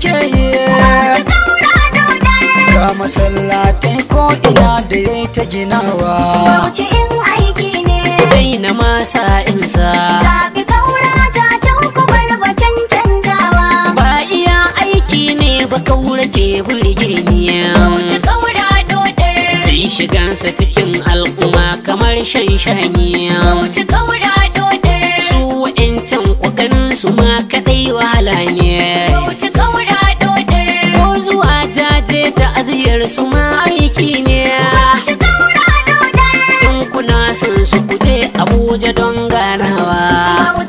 suke yi ga masallatai ko ina da ya ta ginawa bauchi in aiki ne dai na masa insa zaɓi ƙaura ta kubar batan canjawa ba iya aiki ne ba kaura ke burge ni bauchi ƙaura dodar sai shigansa cikin al'umma kamar shan shani bauchi ƙaura Dodar su ma aiki ne In kuna son su Abuja don ganawa